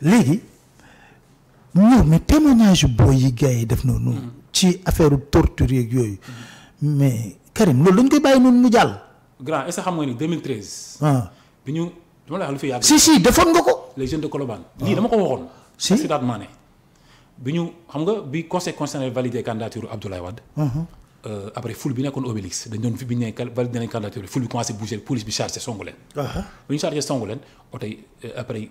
léegi ñoom mais témoignage booy yi gars yi def noonu. Hmm. ci affaire torture yeeg yooyu. Hmm. mais Karim loolu dañ koy bàyyi noonu mu jàll. grand est-ce que xam ni 2013. ah bi ñu dama la wax lu fi yàgg. si si defoon nga ko. les jeunes de Koloban ah. lii dama ko waxoon. si si daat maane bi ñu xam nga bi conseil concerné validé candidature Abdoulaye Wade. Euh, après foule bi nekkoon Obélix dañ doon fi bi ñu nee validé nañ candidature foule bi commencé bouger police bi chargé songu leen. bi ñu chargé songu leen oto euh, après.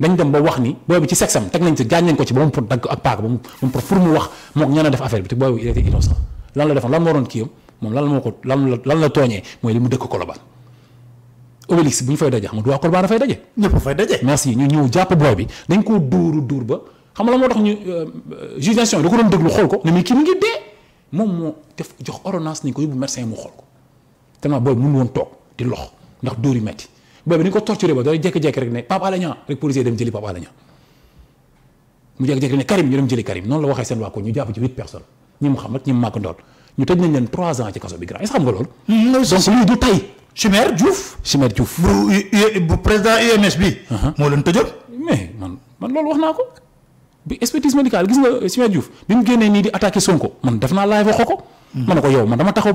dañ dem ba wax ni boy bi ci sexam tek nañ ci gañ nañ ko ci ba mu pour dag ak paak ba mu pour pour mu wax mok ñana def affaire bi te boy bi il était innocent lan la defon lan mo ron kiyam mom lan moko lan la lan la togné moy limu dekk ko loban obélix buñ fay dajé xamul nga ko bana fay dajé ñepp fay dajé merci ñu ñew japp boy bi dañ ko douru dour ba xam la tax ñu euh, euh, juge d'instruction da ko doon deglu xol ko ne mais ki mu ngi dé mom mo def jox ordonnance ni ko yobu médecin mu xol ko tellement boy mënu won tok di lox ndax doori metti booy bi ko torturé ba doon jékki-jékki rek ne Pape Alé rek policier dem jëli Pape Alé mu jékki-jékki ne Karim ñu dem jëli Karim noonu la waxee seen waa ko ñu jàpp ci huit personnes ñi mu xam rek ñi mu màgg ñu tëj nañ leen trois ans ci kaso bi grand est-ce que xam nga loolu. Mm, donc lii du tey. Chimère bu bu président UMS bi. Uh-huh. moo leen tëjoon. mais man loolu wax naa ko bi expertise médicale gis nga Chimère Diouf bi mu génnee nii di attaqué Sonko man def naa live waxoo ko. Mm. ma ne ko yow man dama taxaw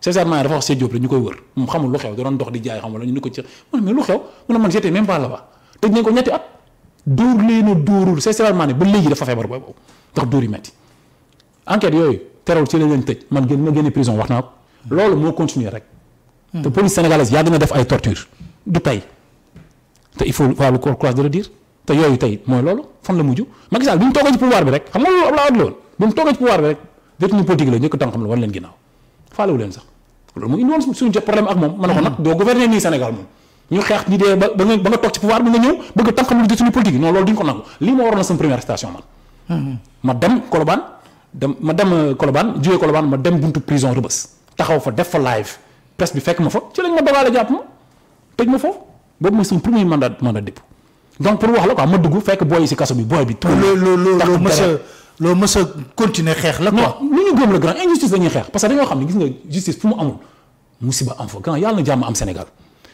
César Maye dafa wax Sèye Diop rek koy wër moom xamul lu xew da doon dox di jaay xamul ñu ni ko ci man mais lu xew mo ne man j'étais même pas là-bas tëj nañ ko ñetti at dóor lee na dóorul César Maye ba léegi dafa fébar boobu ndax dóor yu metti enquête yoy terewul ci lañ leen tej man gën ma génne prison wax naa ko loolu mo continuer rek hmm. te police sénégalaise yag na def ay torture du tey te il faut voir le courage de le dire te yooyu tay moy loolu fan la muju Macky Sall buñ mu ci pouvoir bi rek xam nga loolu ab laa at loolu bi mu ci pouvoir bi rek détenu politique la ñëk tànk xam la wan leen ginnaaw faalewu leen sax loolu mu indi woon suñu problème ak moom. ma ne ko nag doo gouverner nii Sénégal moom. ñu xeex ñi dee ba ba nga toog ci pouvoir bi nga ñëw bëgg a tànqamul di suñu politique non loolu duñ ko nangu lii moo waroon na sama première station man. Mhm. ma dem Colobane dem ma dem euh, Colobane jógee Colobane ma dem buntu prison Rebeuss taxaw fa def fa live presse bi fekk ma fa ci lañ ma dogaale jàpp ma tëj ma foofu boobu mooy suñu premier mandat mandat dépôt lo mës continuer xeex la quoi. non lu ñu góom la grand injustice la ñuy parce que dañu xamni ne gis nga justice fu mu amul musiba am fa grand yalla na jàmm am Sénégal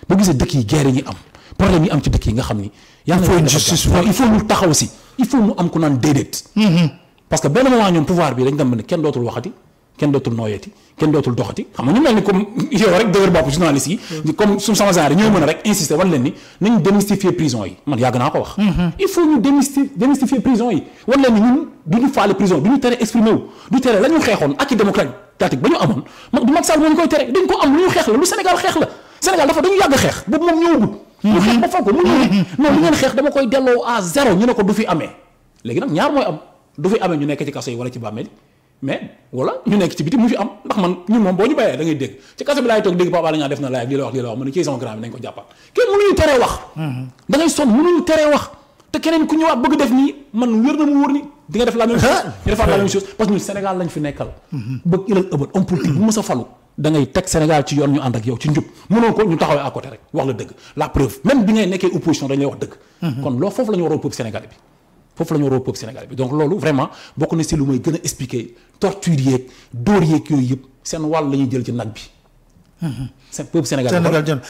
ba gisee dëkk yi guerre ñi am problème yi am ci dëkk yi nga xamni yalla faut une il faut justice il faut ñu taxaw si il faut ñu am ku naan déedéet. Mm-hmm. parce que benn moment ñom pouvoir bi dañ dem ba ne kenn dootul waxati. kenn dootul nooyeeti kenn dootul doxati xam nga ñu mel ni comme yow rek dëgër bopp journaliste yi. comme suñu sama genre ñoo mën a rek insister wan leen ni nañ démystifier prison yi man yàgg naa ko wax. il faut ñu démysti démystifier prison yi wan leen ni ñun du ñu faale prison du ñu tere exprimer wu du tere la ñu xeexoon ak i démocratique ba ñu amoon mag du Macky Sall moo ñu koy tere dañ ko am lu ñu xeex la lu Sénégal xeex la Sénégal dafa dañu yàgg xeex boobu moom ñëwagul. ñu xeex ba foog ko mu ñëwee. non li ngeen xeex dama koy delloo à zéro ñu ne ko du fi amee léegi nag ñaar mooy am du fi amee ñu nekk ci kaso yi wala ci bàmmeel mais wala ñu nekk ci biti mu fi am ndax man ñun moom boo ñu bàyyee da ngay dégg ci kaso bi laay toog dégg Pape Alé Niang def na live lii la wax lii la wax ma ne kii sama grand bi nañ ko jàppaat kenn mënuñu teree wax mm-hmm. da ngay sonn mënuñu teree wax te keneen ku ñëwaat bëgg def nii man wér na mu wóor ni di nga def la même chose ñu ah. defaat parce que ñun Sénégal lañ fi nekkal mm-hmm. bëgg ilal ëbët homme politique bu mës a falu da ngay teg Sénégal ci yoon ñu ànd ak yow ci njub mënoo ko ñu taxawee à côté rek wax la dëgg la preuve même bi ngay nekkee opposition dañ lay wax dëgg mm-hmm. kon loo foofu bi Faut ñu donc vraiment bokk na si lu may gën a expliquer torture yeeg yeeg yooyu yëpp seen peuple sénégalais.